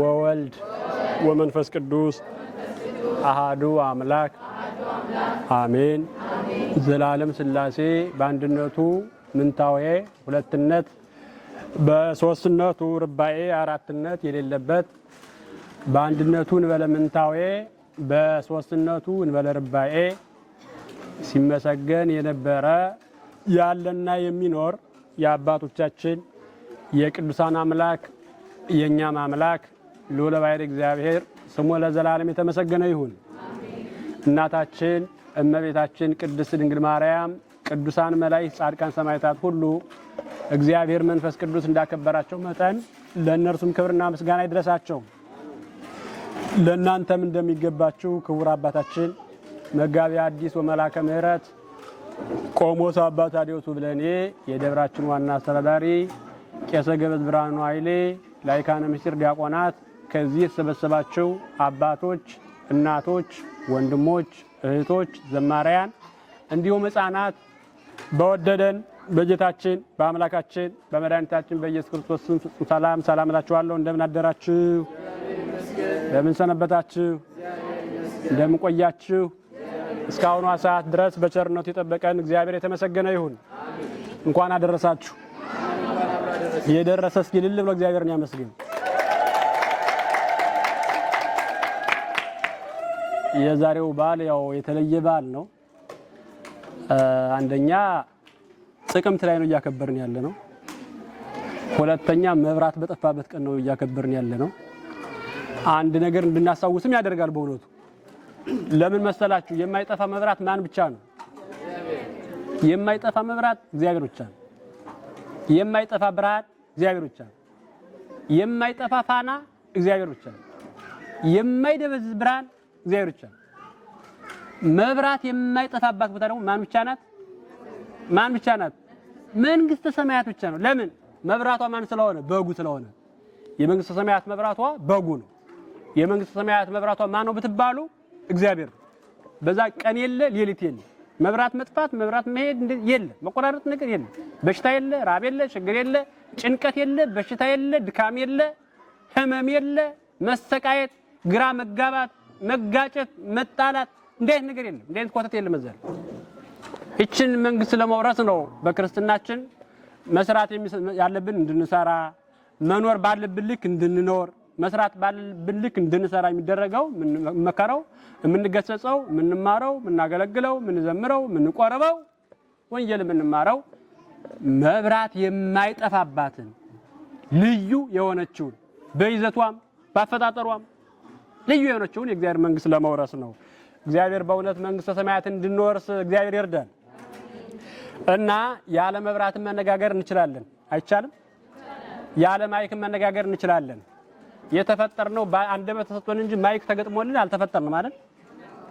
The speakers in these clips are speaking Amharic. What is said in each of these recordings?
ወወልድ ወመንፈስ ቅዱስ አሃዱ አምላክ አሜን። ዘላለም ስላሴ በአንድነቱ ምንታዌ ሁለትነት በሶስትነቱ ርባኤ አራትነት የሌለበት በአንድነቱ እንበለ ምንታዌ በሶስትነቱ እንበለ ርባኤ ሲመሰገን የነበረ ያለና የሚኖር የአባቶቻችን የቅዱሳን አምላክ የእኛም አምላክ ልዑለ ባሕርይ እግዚአብሔር ስሙ ለዘላለም የተመሰገነ ይሁን። እናታችን እመቤታችን ቅድስት ድንግል ማርያም፣ ቅዱሳን መላእክት፣ ጻድቃን፣ ሰማዕታት ሁሉ እግዚአብሔር መንፈስ ቅዱስ እንዳከበራቸው መጠን ለእነርሱም ክብርና ምስጋና ይድረሳቸው። ለእናንተም እንደሚገባችሁ ክቡር አባታችን መጋቢ አዲስ ወመላከ ምሕረት ቆሞስ አባ ታዲዮስ ብለኔ የደብራችን ዋና አስተዳዳሪ፣ ቄሰ ገበዝ ብርሃኑ ኃይሌ፣ ላይካነ ምስጢር ዲያቆናት፣ ከዚህ የተሰበሰባቸው አባቶች፣ እናቶች፣ ወንድሞች፣ እህቶች፣ ዘማሪያን እንዲሁም ሕፃናት በወደደን በጌታችን በአምላካችን በመድኃኒታችን በኢየሱስ ክርስቶስ ሰላም ሰላም እላችኋለሁ። እንደምን አደራችሁ? እንደምን ሰነበታችሁ? እንደምን ቆያችሁ? እስካሁኗ ሰዓት ድረስ በቸርነቱ የጠበቀን እግዚአብሔር የተመሰገነ ይሁን። እንኳን አደረሳችሁ። የደረሰ እስኪ ልል ብሎ እግዚአብሔርን ያመስግን። የዛሬው በዓል ያው የተለየ በዓል ነው። አንደኛ ጥቅምት ላይ ነው እያከበርን ያለ ነው። ሁለተኛ መብራት በጠፋበት ቀን ነው እያከበርን ያለ ነው። አንድ ነገር እንድናስታውስም ያደርጋል በእውነቱ ለምን መሰላችሁ? የማይጠፋ መብራት ማን ብቻ ነው? የማይጠፋ መብራት እግዚአብሔር ብቻ ነው። የማይጠፋ ብርሃን እግዚአብሔር ብቻ ነው። የማይጠፋ ፋና እግዚአብሔር ብቻ ነው። የማይደበዝዝ ብርሃን እግዚአብሔር ብቻ ነው። መብራት የማይጠፋባት ቦታ ደግሞ ማን ብቻ ናት? ማን ብቻ ናት? መንግስተ ሰማያት ብቻ ነው። ለምን? መብራቷ ማን ስለሆነ? በጉ ስለሆነ። የመንግስተ ሰማያት መብራቷ በጉ ነው። የመንግስተ ሰማያት መብራቷ ማን ነው ብትባሉ እግዚአብሔር በዛ ቀን የለ ሌሊት የለ መብራት መጥፋት መብራት መሄድ የለ መቆራረጥ ነገር የለ በሽታ የለ ራብ የለ ችግር የለ ጭንቀት የለ በሽታ የለ ድካም የለ ህመም የለ መሰቃየት ግራ መጋባት መጋጨት መጣላት እንዴት አይነት ነገር የለም እንዴት አይነት ኮተት የለም እዛ ይችን መንግስት ለመውረስ ነው በክርስትናችን መስራት ያለብን እንድንሰራ መኖር ባለብን ልክ እንድንኖር መስራት ባለብን ልክ እንድንሰራ የሚደረገው የምንመከረው፣ የምንገሰጸው፣ የምንማረው፣ የምናገለግለው፣ የምንዘምረው፣ የምንቆርበው ወንጌል የምንማረው መብራት የማይጠፋባትን ልዩ የሆነችውን በይዘቷም በአፈጣጠሯም ልዩ የሆነችውን የእግዚአብሔር መንግስት ለመውረስ ነው። እግዚአብሔር በእውነት መንግስተ ሰማያት እንድንወርስ እግዚአብሔር ይርዳል እና ያለ መብራትን መነጋገር እንችላለን? አይቻልም? ያለ ማይክን መነጋገር እንችላለን? የተፈጠር ነው አንደበት ተሰጥቶን እንጂ ማይክ ተገጥሞልን አልተፈጠርንም አይደል?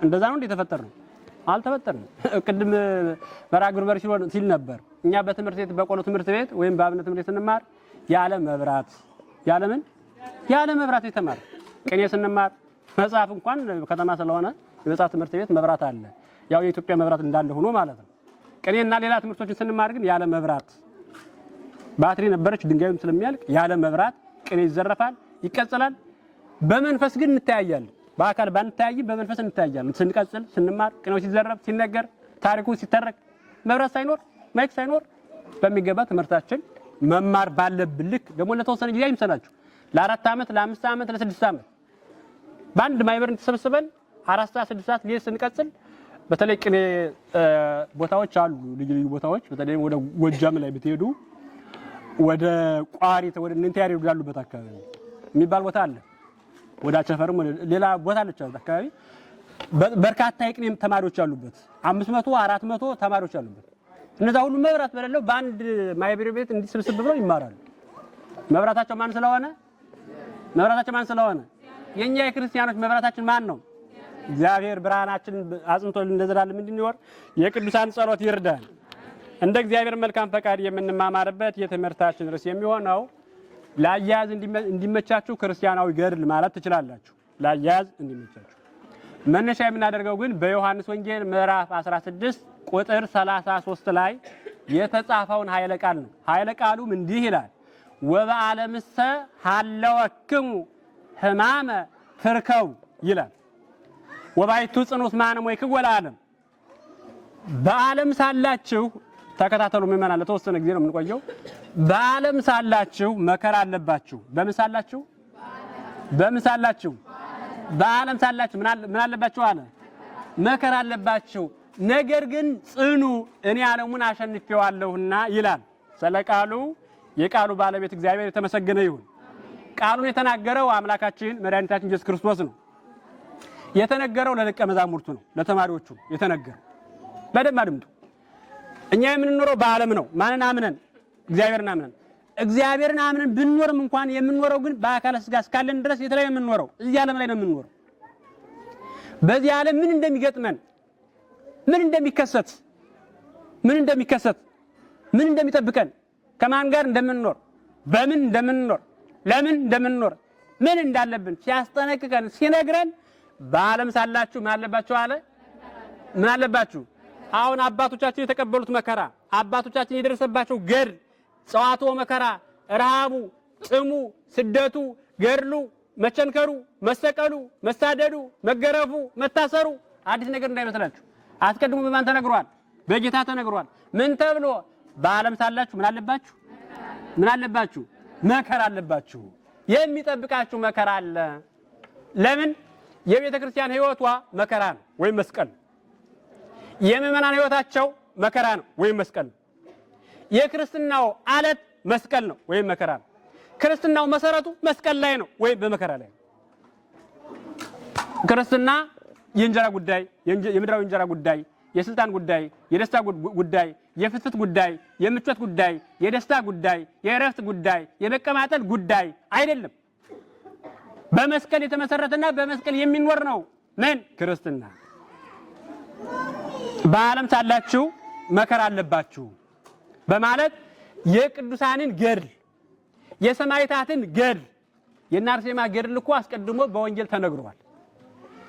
እንደዛ ነው እንዴ የተፈጠርነው? አልተፈጠርንም። ቅድም በራግ ሲል ነበር። እኛ በትምህርት ቤት በቆሎ ትምህርት ቤት ወይም በአብነት ትምህርት ቤት ስንማር ያለ መብራት ያለ ምን ያለ መብራት የተማር ቅኔ ስንማር መጽሐፍ እንኳን ከተማ ስለሆነ የመጽሐፍ ትምህርት ቤት መብራት አለ። ያው የኢትዮጵያ መብራት እንዳለ ሆኖ ማለት ነው። ቅኔና ሌላ ትምህርቶችን ስንማር ግን ያለ መብራት ባትሪ ነበረች። ድንጋዩም ስለሚያልቅ ያለ መብራት ቅኔ ይዘረፋል። ይቀጥላል። በመንፈስ ግን እንተያያለን። በአካል ባንተያይም በመንፈስ እንተያያለን። ስንቀጽል፣ ስንማር፣ ቅኔው ሲዘረብ፣ ሲነገር፣ ታሪኩ ሲተረክ፣ መብራት ሳይኖር ማይክ ሳይኖር በሚገባ ትምህርታችን መማር ባለብን ልክ ደግሞ ለተወሰነ ጊዜ አይምሰላችሁ። ለአራት ዓመት ለአምስት ዓመት ለስድስት ዓመት በአንድ ማይበር እንተሰብስበን አራት ሰዓት ስድስት ሰዓት ጊዜ ስንቀጽል በተለይ ቅኔ ቦታዎች አሉ፣ ልዩ ልዩ ቦታዎች በተለይ ወደ ጎጃም ላይ ብትሄዱ ወደ ቋሪት ወደ እንትን ያሉበት አካባቢ የሚባል ቦታ አለ። ወደ አቸፈርም ሌላ ቦታ አለች አካባቢ በርካታ የቅኔም ተማሪዎች አሉበት። አምስት መቶ አራት መቶ ተማሪዎች አሉበት። እነዛ ሁሉ መብራት በሌለው በአንድ ማይብሪ ቤት እንዲስብስብ ብለው ይማራሉ። መብራታቸው ማን ስለሆነ መብራታቸው ማን ስለሆነ የኛ የክርስቲያኖች መብራታችን ማን ነው? እግዚአብሔር ብርሃናችን አጽንቶልን ለዘላለም እንድንኖር የቅዱሳን ጸሎት ይርዳል። እንደ እግዚአብሔር መልካም ፈቃድ የምንማማርበት የትምህርታችን ርዕስ የሚሆነው ለአያያዝ እንዲመቻችሁ ክርስቲያናዊ ገድል ማለት ትችላላችሁ። ለአያያዝ እንዲመቻችሁ መነሻ የምናደርገው ግን በዮሐንስ ወንጌል ምዕራፍ 16 ቁጥር 33 ላይ የተጻፈውን ኃይለ ቃል ነው። ኃይለ ቃሉም እንዲህ ይላል ወበአለምሰ ሀለወክሙ ህማመ ትርከቡ ይላል ወባይቱ ጽኑስ ማንም ወይ ክወለ በዓለም ሳላችሁ ተከታተሉ ምዕመናን። ለተወሰነ ጊዜ ነው የምንቆየው። በዓለም ሳላችሁ መከራ አለባችሁ። በምን ሳላችሁ? በምን ሳላችሁ? በዓለም ሳላችሁ ምን አለባችሁ አለ? መከራ አለባችሁ። ነገር ግን ጽኑ፣ እኔ ዓለሙን አሸንፌዋለሁና ይላል። ስለ ቃሉ የቃሉ ባለቤት እግዚአብሔር የተመሰገነ ይሁን። ቃሉን የተናገረው አምላካችን መድኃኒታችን ኢየሱስ ክርስቶስ ነው። የተነገረው ለደቀ መዛሙርቱ ነው፣ ለተማሪዎቹ የተነገረው። በደንብ አድምጡ። እኛ የምንኖረው በዓለም ነው። ማንን አምነን? እግዚአብሔርን አምነን እግዚአብሔርን አምነን ብንኖርም እንኳን የምንኖረው ግን በአካለ ስጋ እስካለን ድረስ የተለያዩ የምንኖረው እዚህ ዓለም ላይ ነው የምንኖረው። በዚህ ዓለም ምን እንደሚገጥመን፣ ምን እንደሚከሰት፣ ምን እንደሚከሰት፣ ምን እንደሚጠብቀን፣ ከማን ጋር እንደምንኖር፣ በምን እንደምንኖር፣ ለምን እንደምንኖር፣ ምን እንዳለብን ሲያስጠነቅቀን ሲነግረን በዓለም ሳላችሁ ምን አለባችሁ አለ ምን አለባችሁ አሁን አባቶቻችን የተቀበሉት መከራ አባቶቻችን የደረሰባቸው ገድ ጸዋቶ መከራ፣ ረሃቡ፣ ጥሙ፣ ስደቱ፣ ገድሉ፣ መቸንከሩ፣ መሰቀሉ፣ መሳደዱ፣ መገረፉ፣ መታሰሩ አዲስ ነገር እንዳይመስላችሁ አስቀድሞ በማን ተነግሯል? በጌታ ተነግሯል። ምን ተብሎ በዓለም ሳላችሁ ምን አለባችሁ? ምን አለባችሁ? መከራ አለባችሁ። የሚጠብቃችሁ መከራ አለ። ለምን? የቤተ ክርስቲያን ሕይወቷ መከራ ነው ወይም መስቀል ነው። የምዕመናን ህይወታቸው መከራ ነው ወይም መስቀል ነው። የክርስትናው አለት መስቀል ነው ወይም መከራ ነው። ክርስትናው መሰረቱ መስቀል ላይ ነው ወይም በመከራ ላይ ነው። ክርስትና የእንጀራ ጉዳይ፣ የምድራዊ እንጀራ ጉዳይ፣ የስልጣን ጉዳይ፣ የደስታ ጉዳይ፣ የፍትፍት ጉዳይ፣ የምቾት ጉዳይ፣ የደስታ ጉዳይ፣ የእረፍት ጉዳይ፣ የመቀማጠል ጉዳይ አይደለም። በመስቀል የተመሰረተና በመስቀል የሚኖር ነው ምን ክርስትና በዓለም ሳላችሁ መከራ አለባችሁ በማለት የቅዱሳንን ገድል የሰማይታትን ገድል የእነ አርሴማ ገድል እኮ አስቀድሞ በወንጌል ተነግሯል።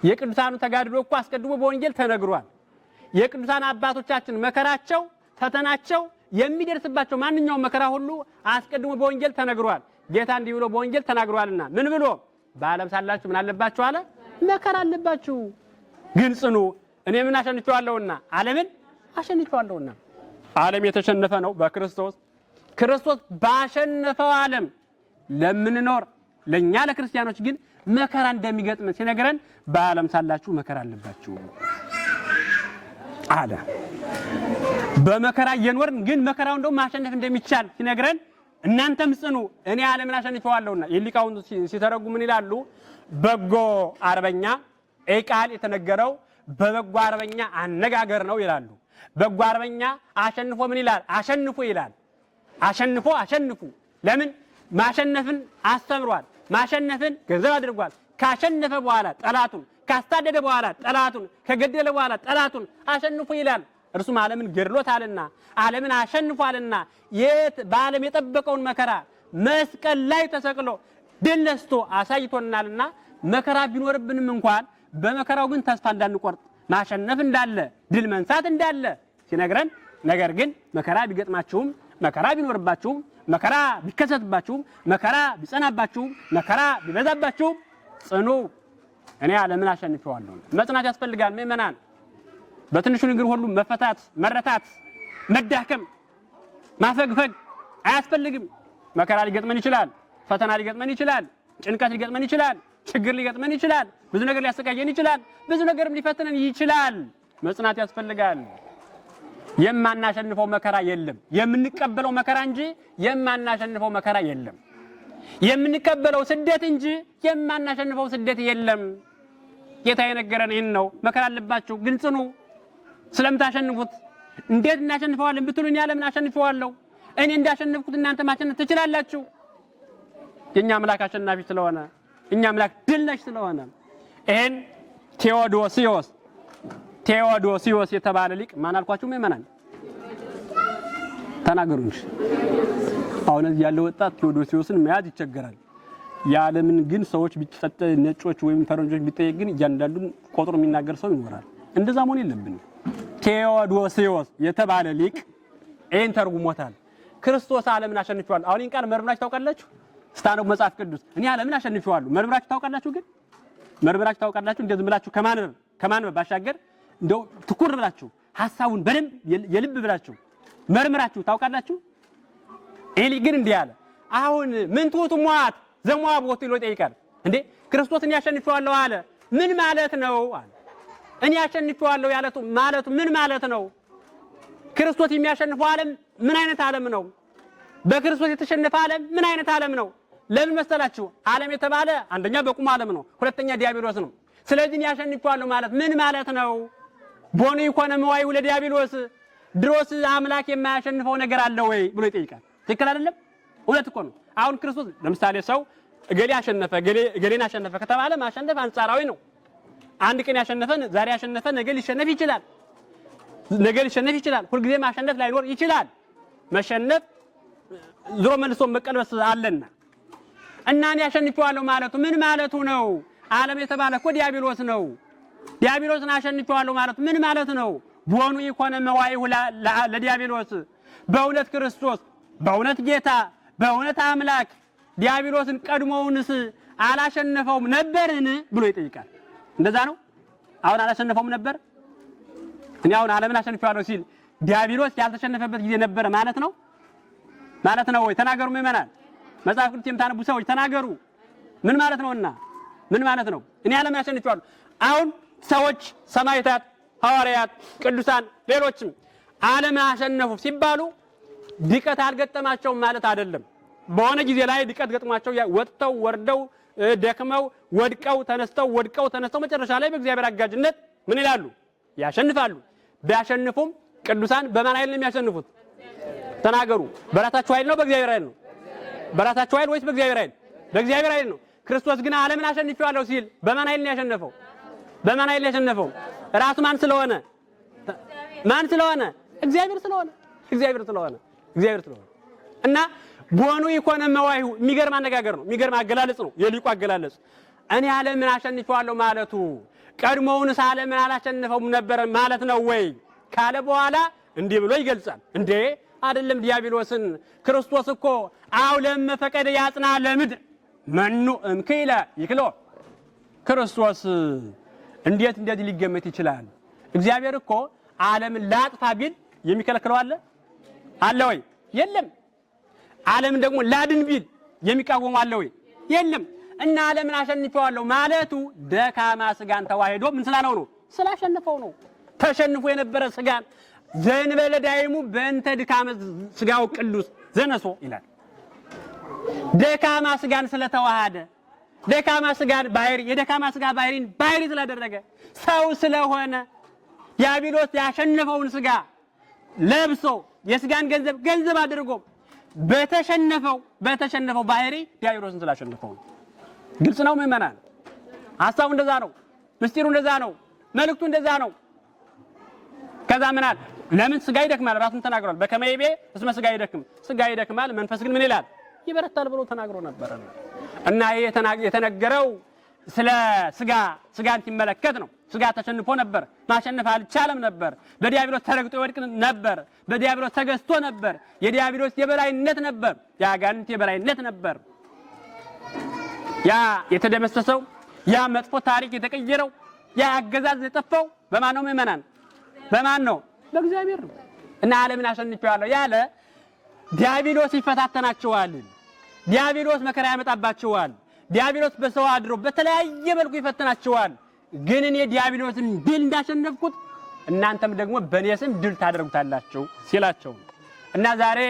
የቅዱሳኑ ተጋድሎ እኮ አስቀድሞ በወንጌል ተነግሯል። የቅዱሳን አባቶቻችን መከራቸው፣ ፈተናቸው የሚደርስባቸው ማንኛውም መከራ ሁሉ አስቀድሞ በወንጌል ተነግሯል። ጌታ እንዲህ ብሎ በወንጌል ተናግሯልና ምን ብሎ በዓለም ሳላችሁ ምን አለባችሁ አለ? መከራ አለባችሁ ግን ጽኑ እኔ ምን አሸንቼዋለሁና ዓለምን አሸንቼዋለሁና። ዓለም የተሸነፈ ነው በክርስቶስ ክርስቶስ ባሸነፈው ዓለም ለምንኖር ለእኛ ለክርስቲያኖች ግን መከራ እንደሚገጥም ሲነግረን በዓለም ሳላችሁ መከራ አለባችሁ አለ። በመከራ እየኖርን ግን መከራው እንደው ማሸነፍ እንደሚቻል ሲነግረን እናንተም ጽኑ እኔ ዓለምን አሸንፈዋለሁና። የሊቃውንቱ ሲተረጉ ምን ይላሉ? በጎ አርበኛ ይህ ቃል የተነገረው በበጎ አርበኛ አነጋገር ነው ይላሉ። በጎ አርበኛ አሸንፎ ምን ይላል? አሸንፉ ይላል። አሸንፎ አሸንፉ። ለምን ማሸነፍን አስተምሯል። ማሸነፍን ገንዘብ አድርጓል። ካሸነፈ በኋላ ጠላቱን ካስታደደ በኋላ ጠላቱን ከገደለ በኋላ ጠላቱን አሸንፎ ይላል። እርሱም ዓለምን ገድሎታልና ዓለምን አሸንፏልና የት በዓለም የጠበቀውን መከራ መስቀል ላይ ተሰቅሎ ድል ነስቶ አሳይቶናልና መከራ ቢኖርብንም እንኳን በመከራው ግን ተስፋ እንዳንቆርጥ ማሸነፍ እንዳለ ድል መንሳት እንዳለ ሲነግረን፣ ነገር ግን መከራ ቢገጥማችሁም መከራ ቢኖርባችሁም መከራ ቢከሰትባችሁም መከራ ቢጸናባችሁም መከራ ቢበዛባችሁም ጽኑ፣ እኔ ዓለምን አሸንፈዋለሁ። መጽናት ያስፈልጋል ምእመናን። በትንሹ ንግር ሁሉ መፈታት፣ መረታት፣ መዳከም፣ ማፈግፈግ አያስፈልግም። መከራ ሊገጥመን ይችላል። ፈተና ሊገጥመን ይችላል። ጭንቀት ሊገጥመን ይችላል። ችግር ሊገጥመን ይችላል። ብዙ ነገር ሊያሰቃየን ይችላል። ብዙ ነገርም ሊፈትነን ይችላል። መጽናት ያስፈልጋል። የማናሸንፈው መከራ የለም። የምንቀበለው መከራ እንጂ የማናሸንፈው መከራ የለም። የምንቀበለው ስደት እንጂ የማናሸንፈው ስደት የለም። ጌታ የነገረን ይህን ነው። መከራ አለባችሁ ግን ጽኑ፣ ስለምታሸንፉት። እንዴት እናሸንፈዋለን ብትሉ እኔ ዓለምን አሸንፈዋለሁ። እኔ እንዳሸንፍኩት እናንተ ማሸነፍ ትችላላችሁ። የእኛ አምላክ አሸናፊ ስለሆነ፣ እኛ አምላክ ድል ነሽ ስለሆነ ይሄን ቴዎዶሲዮስ ቴዎዶሲዮስ የተባለ ሊቅ ማን አልኳችሁ? ምእመናን ተናገሩ እንጂ። አሁን እዚህ ያለ ወጣት ቴዎዶሲዮስን መያዝ ይቸገራል። የዓለምን ግን ሰዎች ቢጠጠ ነጮች ወይም ፈረንጆች ቢጠየቅ ግን እያንዳንዱን ቆጥሮ የሚናገር ሰው ይኖራል። እንደዛ መሆን የለብን ቴዎዶሲዮስ የተባለ ሊቅ ይህን ተርጉሞታል። ክርስቶስ ዓለምን አሸንፈዋል። አሁን ይህን ቃል መርምራችሁ ታውቃላችሁ? ስታነቡ መጽሐፍ ቅዱስ እኔ ዓለምን አሸንፈዋለሁ መርምራችሁ ታውቃላችሁ ግን መርምራችሁ ታውቃላችሁ። እንደዚህ ብላችሁ ከማንበብ ከማንበብ ባሻገር እንደው ትኩር ብላችሁ ሐሳቡን በደንብ የልብ ብላችሁ መርምራችሁ ታውቃላችሁ። ኤሊ ግን እንዲህ አለ፣ አሁን ምን ትሑት ሟት ዘሟብ ወጥቶ ይሎ ይጠይቃል። እንዴ ክርስቶስን ያሸንፈዋለሁ አለ ምን ማለት ነው አለ። እኔ ያሸንፈዋለሁ ያለቱ ማለቱ ምን ማለት ነው? ክርስቶስ የሚያሸንፈው ዓለም ምን አይነት ዓለም ነው? በክርስቶስ የተሸነፈ ዓለም ምን አይነት ዓለም ነው? ለምን መሰላችሁ? ዓለም የተባለ አንደኛ በቁም ዓለም ነው፣ ሁለተኛ ዲያብሎስ ነው። ስለዚህ ያሸንፈዋለሁ ማለት ምን ማለት ነው? ቦኑ ይኮነ መዋዕሉ ለዲያብሎስ ድሮስ አምላክ የማያሸንፈው ነገር አለ ወይ ብሎ ይጠይቃል። ትክክል አይደለም? እውነት እኮ ነው። አሁን ክርስቶስ ለምሳሌ ሰው እገሌ አሸነፈ እገሌን አሸነፈ ከተባለ ማሸነፍ አንጻራዊ ነው። አንድ ቀን ያሸነፈን ዛሬ ያሸነፈ ነገ ሊሸነፍ ይችላል። ነገ ሊሸነፍ ይችላል። ሁልጊዜ ማሸነፍ ላይኖር ይችላል። መሸነፍ ዞሮ መልሶ መቀልበስ አለና እና እኔ አሸንፈዋለሁ ማለቱ ምን ማለቱ ነው? ዓለም የተባለ እኮ ዲያብሎስ ነው። ዲያብሎስን አሸንፈዋለሁ ማለቱ ምን ማለት ነው? ቦኑ ኢኮነ መዋይሁ ለዲያብሎስ፣ በእውነት ክርስቶስ፣ በእውነት ጌታ፣ በእውነት አምላክ ዲያብሎስን ቀድሞውንስ አላሸነፈውም ነበርን ብሎ ይጠይቃል። እንደዛ ነው። አሁን አላሸነፈውም ነበር። እኔ አሁን ዓለምን አሸንፈዋለሁ ሲል ዲያብሎስ ያልተሸነፈበት ጊዜ ነበረ ማለት ነው ማለት ነው ወይ? ተናገሩ ይመናል? መጽሐፍ ቅዱስ የምታነቡ ሰዎች ተናገሩ። ምን ማለት ነውና ምን ማለት ነው? እኔ ዓለም ያሸንፈዋል። አሁን ሰዎች ሰማይታት ሐዋርያት፣ ቅዱሳን ሌሎችም ዓለም ያሸነፉ ሲባሉ ድቀት አልገጠማቸውም ማለት አይደለም። በሆነ ጊዜ ላይ ድቀት ገጥሟቸው ወጥተው ወርደው ደክመው ወድቀው ተነስተው ወድቀው ተነስተው መጨረሻ ላይ በእግዚአብሔር አጋጅነት ምን ይላሉ? ያሸንፋሉ። ቢያሸንፉም ቅዱሳን በማን ኃይል ነው የሚያሸንፉት? ተናገሩ። በራሳችሁ ኃይል ነው? በእግዚአብሔር ኃይል ነው? በራሳቸው ኃይል ወይስ በእግዚአብሔር ኃይል? በእግዚአብሔር ኃይል ነው። ክርስቶስ ግን ዓለምን አሸንፌዋለሁ ሲል በማን ኃይል ነው ያሸነፈው? በማን ኃይል ነው ያሸነፈው? ራሱ ማን ስለሆነ ማን ስለሆነ እግዚአብሔር ስለሆነ እግዚአብሔር ስለሆነ እግዚአብሔር ስለሆነ እና ቦኑ ይኮነ መዋይሁ የሚገርም አነጋገር ነው። የሚገርም አገላለጽ ነው። የሊቁ አገላለጽ እኔ ዓለምን አሸንፈዋለሁ ማለቱ ቀድሞውንስ ዓለምን አላሸንፈውም ነበር ማለት ነው ወይ ካለ በኋላ እንዲህ ብሎ ይገልጻል። እንዴ አይደለም ዲያብሎስን ክርስቶስ እኮ አው ለመፈቀደ ያጽና ለምድር መኑ እምክኢለ ይክሎ ክርስቶስ እንዴት እንደዚህ ሊገመት ይችላል? እግዚአብሔር እኮ ዓለምን ላጥፋ ቢል የሚከለክለው አለ አለ ወይ? የለም። ዓለምን ደግሞ ላድን ቢል የሚቃወሙ አለ ወይ? የለም። እና ዓለምን አሸንፈዋለሁ ማለቱ ደካማ ስጋን ተዋህዶ ምን ስላለው ነው? ስላሸንፈው ነው። ተሸንፎ የነበረ ስጋን ዘንበለ ዳይሙ በእንተ ድካመ ስጋው ቅዱስ ዘነሶ ይላል። ደካማ ስጋን ስለተዋሃደ ደካማ ስጋን ባህሪ የደካማ ስጋ ባህሪን ባህሪ ስላደረገ ሰው ስለሆነ ዲያብሎስ ያሸነፈውን ስጋ ለብሶ የስጋን ገንዘብ ገንዘብ አድርጎ በተሸነፈው በተሸነፈው ባህሪ ዲያብሎስን ስላሸነፈው ግልጽ ነው። ምእመናን ሀሳቡ እንደዛ ነው። ምስጢሩ እንደዛ ነው። መልእክቱ እንደዛ ነው። ከዛ ምናል ለምን ስጋ ይደክማል? ራሱን ተናግሯል። በከመይቤ እስመ ስጋ ይደክም ስጋ ይደክማል። መንፈስ ግን ምን ይላል? ይበረታል ብሎ ተናግሮ ነበረ እና ይሄ የተነገረው ስለ ስጋ ስጋን ሲመለከት ነው። ስጋ ተሸንፎ ነበር፣ ማሸነፍ አልቻለም ነበር። በዲያብሎስ ተረግጦ ይወድቅ ነበር፣ በዲያብሎስ ተገዝቶ ነበር። የዲያብሎስ የበላይነት ነበር፣ የአጋንንት የበላይነት ነበር። ያ የተደመሰሰው ያ መጥፎ ታሪክ የተቀየረው ያ አገዛዝ የጠፋው በማን ነው? ምእመናን፣ በማን ነው? በእግዚአብሔር ነው። እና ዓለምን አሸንፈዋለሁ ያለ ዲያብሎስ ይፈታተናቸዋል። ዲያብሎስ መከራ ያመጣባቸዋል። ዲያብሎስ በሰው አድሮ በተለያየ መልኩ ይፈትናቸዋል። ግን እኔ ዲያብሎስን ድል እንዳሸነፍኩት እናንተም ደግሞ በእኔ ስም ድል ታደርጉታላችሁ ሲላቸው እና ዛሬ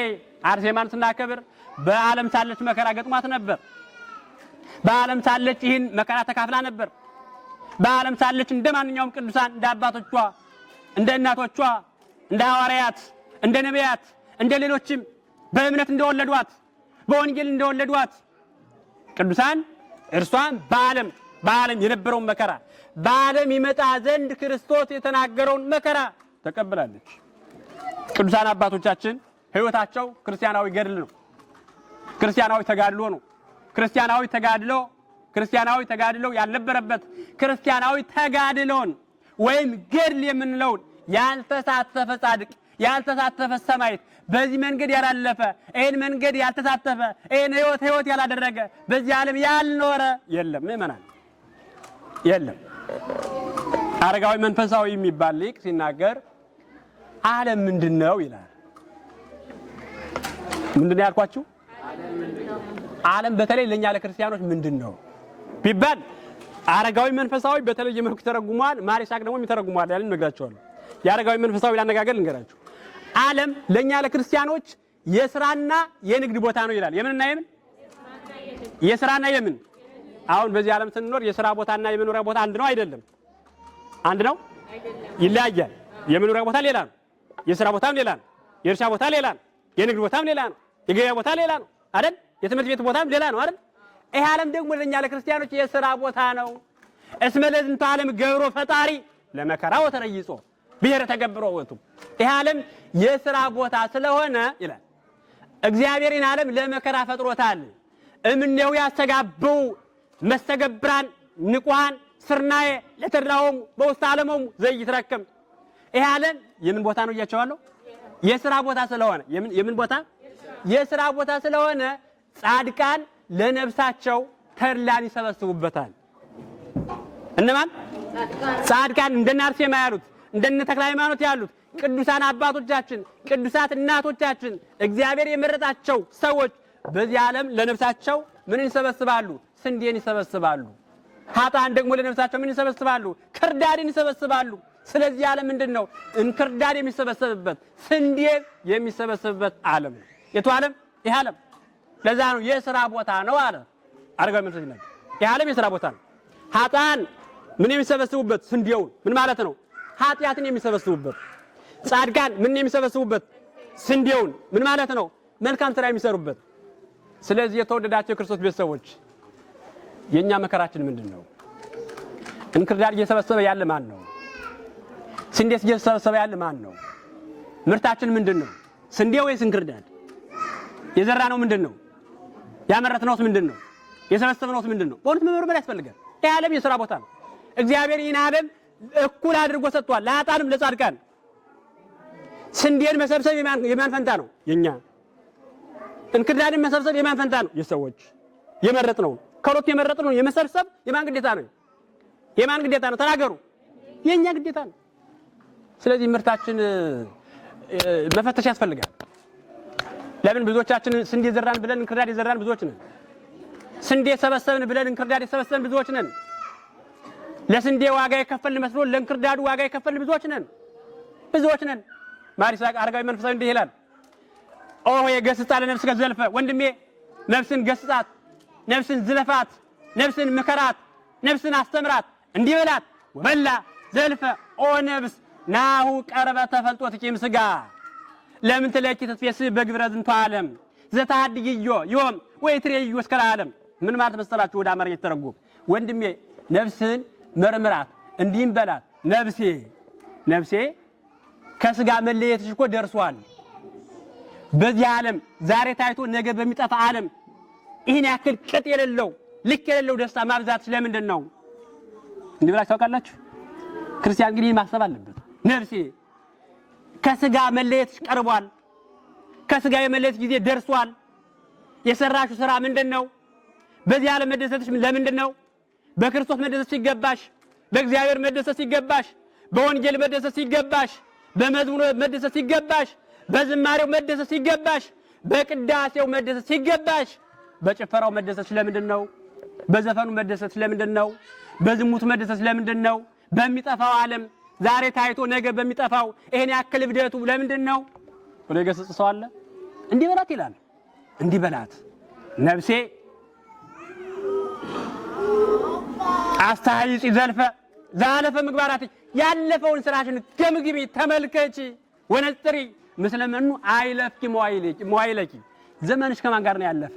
አርሴማን ስናከብር በዓለም ሳለች መከራ ገጥሟት ነበር። በዓለም ሳለች ይህን መከራ ተካፍላ ነበር። በዓለም ሳለች እንደ ማንኛውም ቅዱሳን እንደ አባቶቿ፣ እንደ እናቶቿ፣ እንደ ሐዋርያት፣ እንደ ነቢያት፣ እንደ ሌሎችም በእምነት እንደወለዷት በወንጌል እንደወለዷት ቅዱሳን እርሷን በዓለም በዓለም የነበረውን መከራ በዓለም ይመጣ ዘንድ ክርስቶስ የተናገረውን መከራ ተቀብላለች። ቅዱሳን አባቶቻችን ሕይወታቸው ክርስቲያናዊ ገድል ነው። ክርስቲያናዊ ተጋድሎ ነው። ክርስቲያናዊ ተጋድሎ ክርስቲያናዊ ተጋድሎ ያልነበረበት ክርስቲያናዊ ተጋድሎን ወይም ገድል የምንለውን ያልተሳተፈ ጻድቅ ያልተሳተፈ ሰማዕት በዚህ መንገድ ያላለፈ ይህን መንገድ ያልተሳተፈ ይህን ህይወት ህይወት ያላደረገ በዚህ ዓለም ያልኖረ የለም። ምእመናን የለም። አረጋዊ መንፈሳዊ የሚባል ሊቅ ሲናገር ዓለም ምንድን ነው ይላል። ምንድን ነው ያልኳችሁ? ዓለም በተለይ ለእኛ ለክርስቲያኖች ምንድን ነው ቢባል አረጋዊ መንፈሳዊ በተለይ የመልኩ ተረጉሟል። ማር ይስሐቅ ደግሞ የሚተረጉሟል ያለን ነግራችኋለሁ። የአረጋዊ መንፈሳዊ ላነጋገር ልንገራችሁ ዓለም ለኛ ለክርስቲያኖች የስራና የንግድ ቦታ ነው ይላል። የምንና የምን የስራና የምን አሁን በዚህ ዓለም ስንኖር የስራ ቦታና የመኖሪያ ቦታ አንድ ነው አይደለም? አንድ ነው ይለያያል። የመኖሪያ ቦታ ሌላ ነው፣ የስራ ቦታም ሌላ ነው፣ የእርሻ ቦታ ሌላ ነው፣ የንግድ ቦታም ሌላ ነው፣ የገበያ ቦታ ሌላ ነው አይደል? የትምህርት ቤት ቦታም ሌላ ነው አይደል? ይሄ ዓለም ደግሞ ለኛ ለክርስቲያኖች የስራ ቦታ ነው። እስመ ለዝንተ ዓለም ገብሮ ፈጣሪ ለመከራ ወተረይጾ ብሔረ ተገብሮ ወቱ ይህ ዓለም የሥራ ቦታ ስለሆነ ይላል እግዚአብሔርን ዓለም ለመከራ ፈጥሮታል። እምኔው ያስተጋብው መስተገብራን ንቁሃን ስርናየ ለተድላሆሙ በውስተ ዓለሞሙ ዘይትረክም። ይህ ዓለም የምን ቦታ ነው እያቸዋለሁ? የሥራ ቦታ ስለሆነ የምን ቦታ? የሥራ ቦታ ስለሆነ ጻድቃን ለነብሳቸው ተድላን ይሰበስቡበታል። እነማን ጻድቃን? እንደነ አርሴማ ያሉት እንደነ ተክለ ሃይማኖት ያሉት ቅዱሳን አባቶቻችን፣ ቅዱሳት እናቶቻችን እግዚአብሔር የመረጣቸው ሰዎች በዚህ ዓለም ለነፍሳቸው ምን ይሰበስባሉ? ስንዴን ይሰበስባሉ። ሀጣን ደግሞ ለነፍሳቸው ምን ይሰበስባሉ? ክርዳድን ይሰበስባሉ። ስለዚህ ዓለም ምንድን ነው? እንክርዳድ የሚሰበሰብበት ስንዴ የሚሰበሰብበት ዓለም ነው። የቱ ዓለም? ይህ ዓለም። ለዛ ነው የሥራ ቦታ ነው አለ አረጋዊ መንፈስ ይህ ዓለም የሥራ ቦታ ነው። ሀጣን ምን የሚሰበስቡበት ስንዴውን ምን ማለት ነው? ኃጢአትን የሚሰበስቡበት ጻድቃን ምን የሚሰበስቡበት ስንዴውን ምን ማለት ነው? መልካም ስራ የሚሰሩበት። ስለዚህ የተወደዳቸው የክርስቶስ ቤተሰቦች የእኛ መከራችን ምንድን ነው? እንክርዳድ እየሰበሰበ ያለ ማን ነው? ስንዴስ እየሰበሰበ ያለ ማን ነው? ምርታችን ምንድን ነው? ስንዴ ወይስ እንክርዳድ? የዘራ ነው ምንድን ነው? ያመረት ነውስ ምንድን ነው? የሰበሰበ ምንድን ነው? በእውነት መመርመር ያስፈልጋል። ይህ ዓለም የሥራ ቦታ ነው። እግዚአብሔር ይህን ዓለም እኩል አድርጎ ሰጥቷል፣ ለአጣንም ለጻድቃን ስንዴን መሰብሰብ የማን ፈንታ ነው? የኛ እንክርዳድን መሰብሰብ የማን ፈንታ ነው? የሰዎች የመረጥ ነው። ከሮት የመረጥ ነው የመሰብሰብ የማን ግዴታ ነው? የማን ግዴታ ነው? ተናገሩ። የኛ ግዴታ ነው። ስለዚህ ምርታችን መፈተሽ ያስፈልጋል። ለምን ብዙዎቻችን ስንዴ ዘራን ብለን እንክርዳድ የዘራን ብዙዎች ነን። ስንዴ ሰበሰብን ብለን እንክርዳድ የሰበሰብን ብዙዎች ነን። ለስንዴ ዋጋ የከፈልን መስሎን ለእንክርዳዱ ዋጋ የከፈልን ብዙዎች ነን ብዙዎች ነን። ማር ይስሐቅ አረጋዊ መንፈሳዊ እንዲህ ይላል፣ ኦ የገስጻ ለነፍስከ ዘልፈ ወንድሜ ነፍስን ገስጻት፣ ነፍስን ዝለፋት፣ ነፍስን ምከራት፣ ነፍስን አስተምራት፣ እንዲህ በላት ወበላ ዘልፈ ኦ ነብስ ናሁ ቀረበ ተፈልጦ ትቂም ስጋ ለምን ትለኪ ተስፈስ በግብረ ዝንቱ ዓለም ዘታድይዮ ዮም ወይ ትሬዩ እስከ ዓለም ምን ማለት መሰላችሁ? ወደ አማርኛ የተረጎመ ወንድሜ ነፍስህን መርምራት እንዲህም በላት ነፍሴ ነፍሴ ከስጋ መለየትሽ እኮ ደርሷል። በዚህ ዓለም ዛሬ ታይቶ ነገ በሚጠፋ ዓለም ይህን ያክል ቅጥ የሌለው ልክ የሌለው ደስታ ማብዛት ለምንድን ነው? እንዲህ ብላችሁ ታውቃላችሁ? ክርስቲያን ግን ይህን ማሰብ አለበት። ነፍሴ ከስጋ መለየትሽ ቀርቧል። ከስጋ የመለየት ጊዜ ደርሷል። የሰራሹ ስራ ምንድን ነው? በዚህ ዓለም መደሰትሽ ለምንድን ነው? በክርስቶስ መደሰት ሲገባሽ፣ በእግዚአብሔር መደሰት ሲገባሽ፣ በወንጌል መደሰት ሲገባሽ በመዝሙር መደሰት ሲገባሽ፣ በዝማሬው መደሰት ሲገባሽ፣ በቅዳሴው መደሰት ሲገባሽ፣ በጭፈራው መደሰት ለምንድን ነው? በዘፈኑ መደሰት ለምንድን ነው? በዝሙቱ መደሰት ለምንድን ነው? በሚጠፋው ዓለም ዛሬ ታይቶ ነገ በሚጠፋው ይሄን ያክል እብደቱ ለምንድን ነው ብሎ የገሰጸ ሰው አለ? እንዲህ በላት ይላል። እንዲህ በላት ነፍሴ አስተሐይጽ ዘልፈ ዛለፈ ምግባራት ያለፈውን ስራሽን ገምግሚ፣ ተመልከች። ወነጽሪ ምስለ መኑ አይለፍኪ መዋይለኪ ዘመንሽ ከማን ጋር ነው ያለፈ?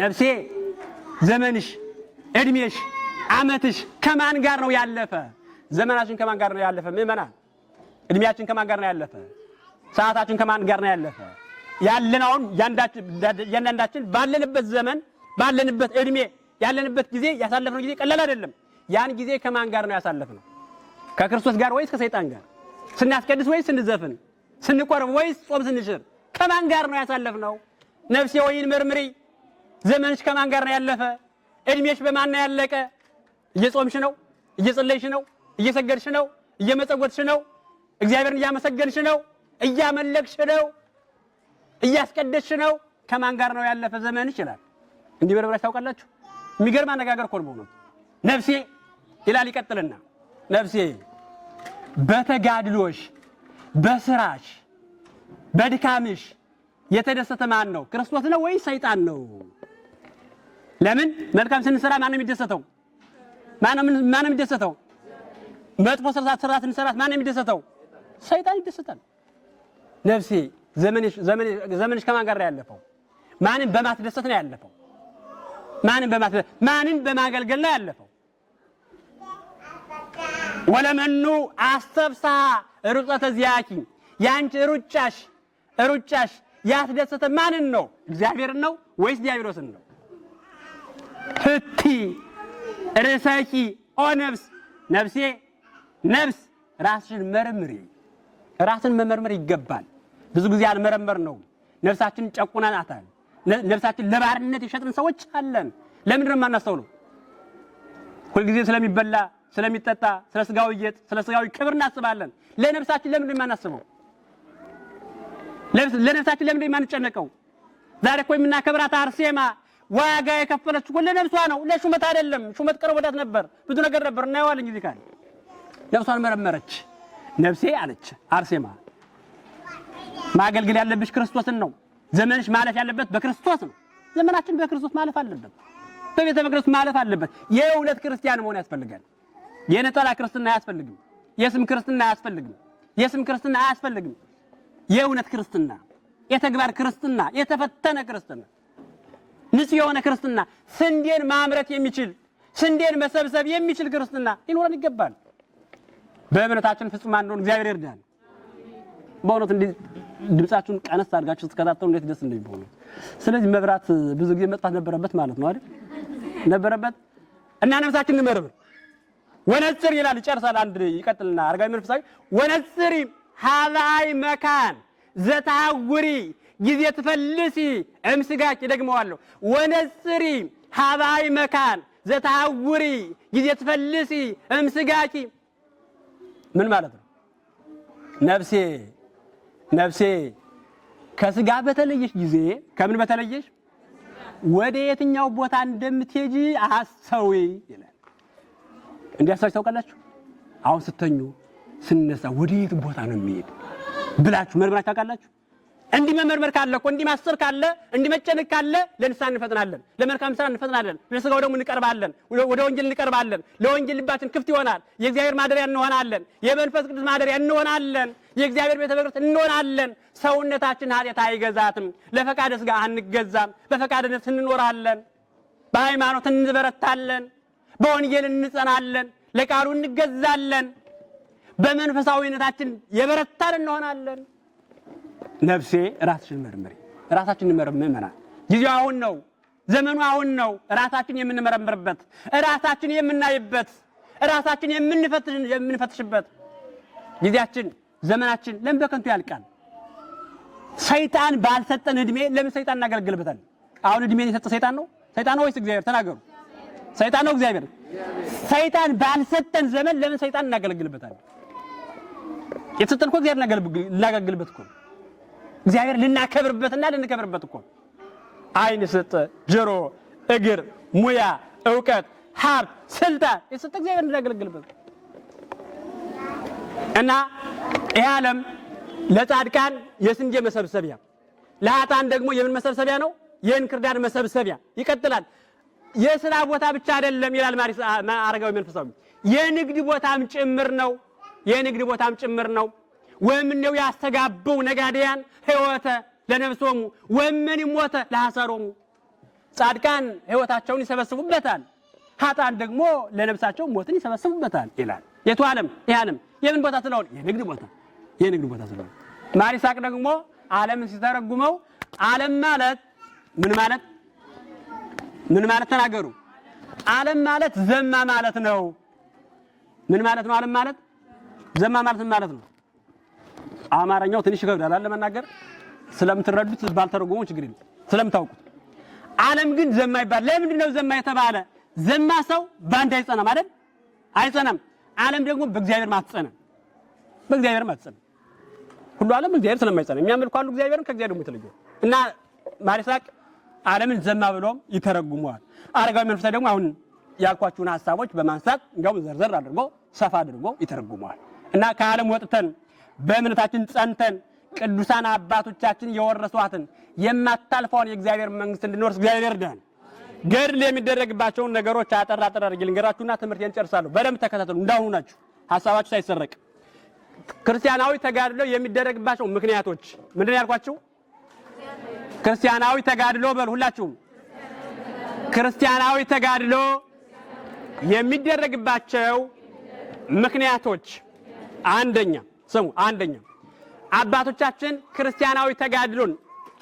ነፍሴ ዘመንሽ፣ እድሜሽ፣ አመትሽ ከማን ጋር ነው ያለፈ? ዘመናችን ከማን ጋር ነው ያለፈ? ምዕመናን እድሜያችን ከማን ጋር ነው ያለፈ? ሰዓታችን ከማን ጋር ነው ያለፈ? ያለን አሁን እያንዳንዳችን ባለንበት ዘመን ባለንበት እድሜ ያለንበት ጊዜ ያሳለፍነው ጊዜ ቀላል አይደለም። ያን ጊዜ ከማን ጋር ነው ያሳለፍነው? ከክርስቶስ ጋር ወይስ ከሰይጣን ጋር? ስናስቀድስ ወይስ ስንዘፍን? ስንቆርብ ወይስ ጾም ስንሽር? ከማን ጋር ነው ያሳለፍነው? ነፍሴ ወይን ምርምሪ፣ ዘመንሽ ከማን ጋር ነው ያለፈ? እድሜሽ በማን ነው ያለቀ? እየጾምሽ ነው? እየጸለይሽ ነው? እየሰገድሽ ነው? እየመጸወትሽ ነው? እግዚአብሔርን እያመሰገንሽ ነው? እያመለክሽ ነው? እያስቀደስሽ ነው? ከማን ጋር ነው ያለፈ ዘመን ይችላል። እንዲህ በረብራሽ ታውቃላችሁ። የሚገርም አነጋገር ኮልቦ ነው። ነፍሴ ይላል ይቀጥልና ነፍሴ በተጋድሎሽ በስራሽ በድካምሽ የተደሰተ ማን ነው? ክርስቶስ ነው ወይስ ሰይጣን ነው? ለምን መልካም ስንሰራ ማን ነው የሚደሰተው? ማን ነው የሚደሰተው? መጥፎ ስራ ስንሰራት ማን ነው የሚደሰተው? ሰይጣን ይደሰታል። ነፍሴ ዘመንሽ ከማን ጋር ያለፈው? ማንን በማስደሰት ነው ያለፈው? ማንን በማስደሰት ማንን በማገልገል ነው ያለፈው? ወለመኑ አስተብሳ ሩጸተ ዚያኪ ያንቺ ሩጫሽ ሩጫሽ ያስደሰተ ማንን ነው? እግዚአብሔርን ነው ወይስ ዲያብሎስን ነው? ህቲ ርሰኪ ኦ ነፍስ ነፍሴ ነፍስ ራስሽን መርምሪ። ራስን መመርመር ይገባል። ብዙ ጊዜ አልመረመር ነው። ነፍሳችን ጨቁናናታል። ነፍሳችን ለባርነት የሸጥን ሰዎች አለን። ለምንድን ነው የማናስተውለው? ሁልጊዜ ስለሚበላ ስለሚጠጣ ስለ ስጋዊ ጌጥ ስለ ስጋዊ ክብር እናስባለን። ለነፍሳችን ለምንድን የማናስበው? ለነፍሳችን ለምንድን ነው የማንጨነቀው? ዛሬ እኮ የምናከብራት አርሴማ ዋጋ የከፈለች እኮ ለነፍሷ ነው፣ ለሹመት አይደለም። ሹመት ቀርቦላት ነበር፣ ብዙ ነገር ነበር እናየዋለን። እንግዲህ ካል ነፍሷን መረመረች። ነፍሴ አለች አርሴማ፣ ማገልገል ያለብሽ ክርስቶስን ነው። ዘመንሽ ማለፍ ያለበት በክርስቶስ ነው። ዘመናችን በክርስቶስ ማለፍ አለበት፣ በቤተ መቅደሱ ማለፍ አለበት። የእውነት ክርስቲያን መሆን ያስፈልጋል። የነጠላ ክርስትና አያስፈልግም። የስም ክርስትና አያስፈልግም። የስም ክርስትና አያስፈልግም። የእውነት ክርስትና፣ የተግባር ክርስትና፣ የተፈተነ ክርስትና፣ ንጹህ የሆነ ክርስትና፣ ስንዴን ማምረት የሚችል ስንዴን መሰብሰብ የሚችል ክርስትና ሊኖረን ይገባል። በእምነታችን ፍጹም አንሆን፣ እግዚአብሔር ይርዳል። በእውነት እንዲህ ድምጻችሁን ቀነስ አድርጋችሁ ስትከታተሉ እንዴት ደስ እንደሚሆኑ። ስለዚህ መብራት ብዙ ጊዜ መጥፋት ነበረበት ማለት ነው አይደል? ነበረበት እና ነፍሳችን እንመርምር ወነጽር ይላል። ይጨርሳል። አንድ ይቀጥልና አረጋዊ መንፈሳዊ ወነጽሪ ሀበሃይ መካን ዘታውሪ ጊዜ ትፈልሲ እምስጋች ይደግመዋለሁ። ወነጽሪ ሀበሃይ መካን ዘታውሪ ጊዜ ትፈልሲ እምስጋች ምን ማለት ነው? ነፍሴ ነፍሴ ከስጋ በተለየሽ ጊዜ ከምን በተለየሽ ወደ የትኛው ቦታ እንደምትሄጂ አስተውይ ይላል። እንዲያሳችሁ ታውቃላችሁ። አሁን ስተኙ ስነሳ ወዴት ቦታ ነው የሚሄድ ብላችሁ መርምራችሁ ታውቃላችሁ። እንዲህ መመርመር ካለ እኮ እንዲህ ማሰብ ካለ እንዲህ መጨነቅ ካለ ለንስሐ እንፈጥናለን፣ ለመልካም ስራ እንፈጥናለን፣ ለሥጋው ደግሞ እንቀርባለን፣ ወደ ወንጌል እንቀርባለን። ለወንጌል ልባችን ክፍት ይሆናል። የእግዚአብሔር ማደሪያ እንሆናለን። የመንፈስ ቅዱስ ማደሪያ እንሆናለን። የእግዚአብሔር ቤተ መቅደስ እንሆናለን። ሰውነታችን ኃጢአት አይገዛትም። ለፈቃደ ስጋ አንገዛም። በፈቃደ ነፍስ እንኖራለን። በሃይማኖት እንበረታለን። በወንጌል እንጸናለን፣ ለቃሉ እንገዛለን፣ በመንፈሳዊነታችን የበረታን እንሆናለን። ነፍሴ ራስሽን መርምሪ። ራሳችን መርምመና ጊዜው አሁን ነው። ዘመኑ አሁን ነው። ራሳችን የምንመረምርበት፣ ራሳችን የምናይበት፣ ራሳችን የምንፈትሽበት ጊዜያችን ዘመናችን ለምን በከንቱ ያልቃል? ሰይጣን ባልሰጠን እድሜ ለምን ሰይጣን እናገልግልበታል? አሁን እድሜን የሰጠ ሰይጣን ነው ሰይጣን ነው ወይስ እግዚአብሔር? ተናገሩ። ሰይጣን ነው እግዚአብሔር? ሰይጣን ባልሰጠን ዘመን ለምን ሰይጣን እናገለግልበታል? የተሰጠን እኮ እግዚአብሔር እናገለግልበት እኮ እግዚአብሔር ልናከብርበትና ልንከብርበት እኮ አይን የሰጠ ጆሮ፣ እግር፣ ሙያ፣ እውቀት፣ ሀብት፣ ስልጣን የሰጠ እግዚአብሔር እናገለግልበት እና ይህ ዓለም ለጻድቃን የስንዴ መሰብሰቢያ ለአጣን ደግሞ የምን መሰብሰቢያ ነው? የእንክርዳድ መሰብሰቢያ ይቀጥላል። የስራ ቦታ ብቻ አይደለም ይላል ማሪስ አረጋዊ መንፈሳዊ፣ የንግድ ቦታም ጭምር ነው። የንግድ ቦታም ጭምር ነው። ወእምኔው ያስተጋበው ነጋዴያን ህይወተ ለነብሶሙ ወእመኒ ሞተ ለሐሰሮሙ። ጻድቃን ህይወታቸውን ይሰበስቡበታል፣ ሀጣን ደግሞ ለነብሳቸው ሞትን ይሰበስቡበታል ይላል። የቱ ዓለም ይህ ዓለም የምን ቦታ ስለሆነ የንግድ ቦታ የንግድ ቦታ ስለሆነ ማር ይስሐቅ ደግሞ ዓለምን ሲተረጉመው ዓለም ማለት ምን ማለት ምን ማለት ተናገሩ። ዓለም ማለት ዘማ ማለት ነው። ምን ማለት ነው? ዓለም ማለት ዘማ ማለት ምን ማለት ነው? አማርኛው ትንሽ ይከብዳል ለመናገር ስለምትረዱት ባልተረጎሙ ችግር የለም ስለምታውቁት። ዓለም ግን ዘማ ይባላል። ለምንድን ነው ዘማ የተባለ? ዘማ ሰው በአንድ አይጸናም አይደል? አይጸናም። ዓለም ደግሞ በእግዚአብሔር ማትጸና በእግዚአብሔር ማትጸና ሁሉ ዓለም እግዚአብሔር ስለማይጸና የሚያመልኩ አሉ እግዚአብሔርን ከእግዚአብሔር ደግሞ የተለየ እና ማሪሳቅ ዓለምን ዘማ ብሎ ይተረጉመዋል። አረጋዊ መንፈሳዊ ደግሞ አሁን ያልኳችሁን ሀሳቦች በማንሳት እንዲያውም ዘርዘር አድርጎ ሰፋ አድርጎ ይተረጉመዋል እና ከዓለም ወጥተን በእምነታችን ጸንተን ቅዱሳን አባቶቻችን የወረሷትን የማታልፈውን የእግዚአብሔር መንግስት እንድንወርስ እግዚአብሔር ይርዳን። ገድል የሚደረግባቸውን ነገሮች አጠር አጠር አድርጌ ልንገራችሁና ትምህርቴን እንጨርሳለሁ። በደንብ ተከታተሉ። እንዳሁኑ ናችሁ ሀሳባችሁ ሳይሰረቅ ክርስቲያናዊ ተጋድሎ የሚደረግባቸው ምክንያቶች ምንድን ያልኳችሁ ክርስቲያናዊ ተጋድሎ በል ሁላችሁም ክርስቲያናዊ ተጋድሎ የሚደረግባቸው ምክንያቶች አንደኛ ስሙ፣ አንደኛ አባቶቻችን ክርስቲያናዊ ተጋድሎን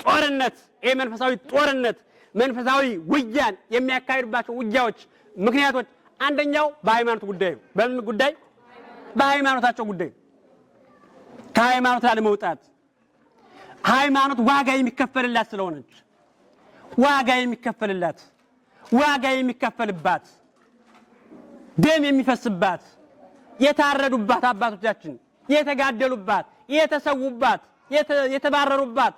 ጦርነት፣ ይህ መንፈሳዊ ጦርነት መንፈሳዊ ውጊያን የሚያካሂዱባቸው ውጊያዎች ምክንያቶች አንደኛው በሃይማኖት ጉዳይ በምን ጉዳይ? በሃይማኖታቸው ጉዳይ ከሃይማኖት ላለመውጣት ሃይማኖት ዋጋ የሚከፈልላት ስለሆነች ዋጋ የሚከፈልላት ዋጋ የሚከፈልባት ደም የሚፈስባት የታረዱባት አባቶቻችን የተጋደሉባት የተሰዉባት የተባረሩባት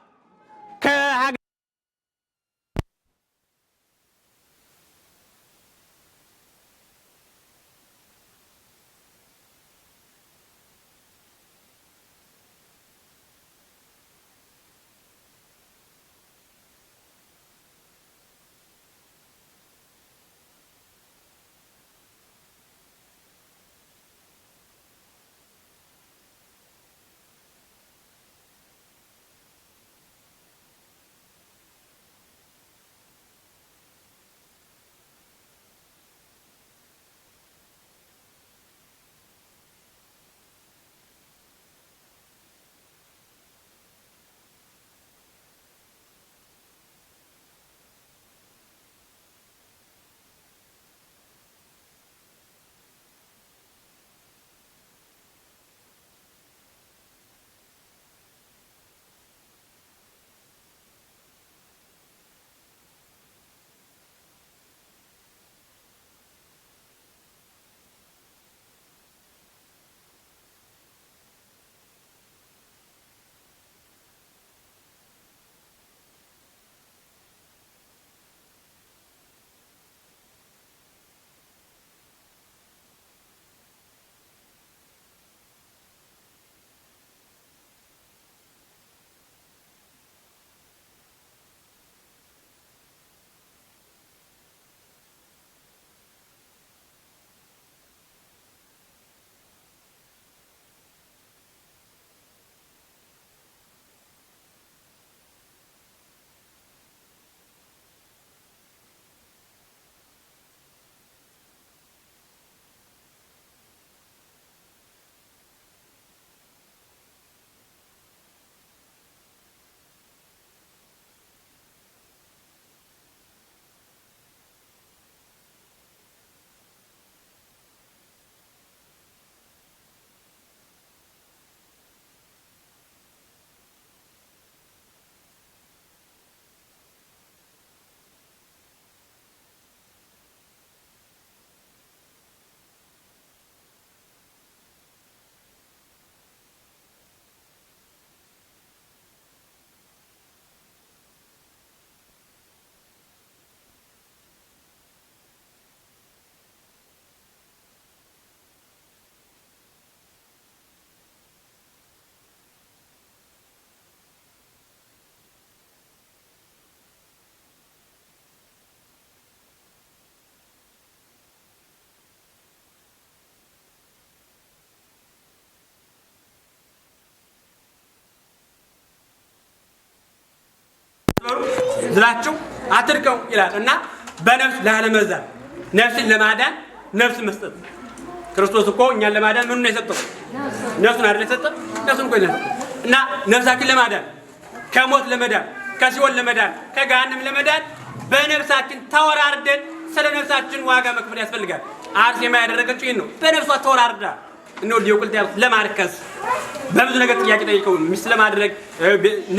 ብላችሁ አትርከው ይላል እና በነፍስ ላለመዛ ነፍስን ለማዳን ነፍስ መስጠት ክርስቶስ እኮ እኛን ለማዳን ምኑን ነው የሰጠው? ነፍሱን አይደል የሰጠው? ነፍሱን እኮ ነው እና ነፍሳችን ለማዳን ከሞት ለመዳን ከሲኦል ለመዳን ከገሃነም ለመዳን በነፍሳችን ተወራርደን ስለ ነፍሳችን ዋጋ መክፈል ያስፈልጋል። አርሴማ ያደረገችው ይህን ነው። በነፍሷ ተወራርዳ እነ ዲዮቅልጥያኖስ ለማርከስ በብዙ ነገር ጥያቄ ጠይቀው ሚስት ለማድረግ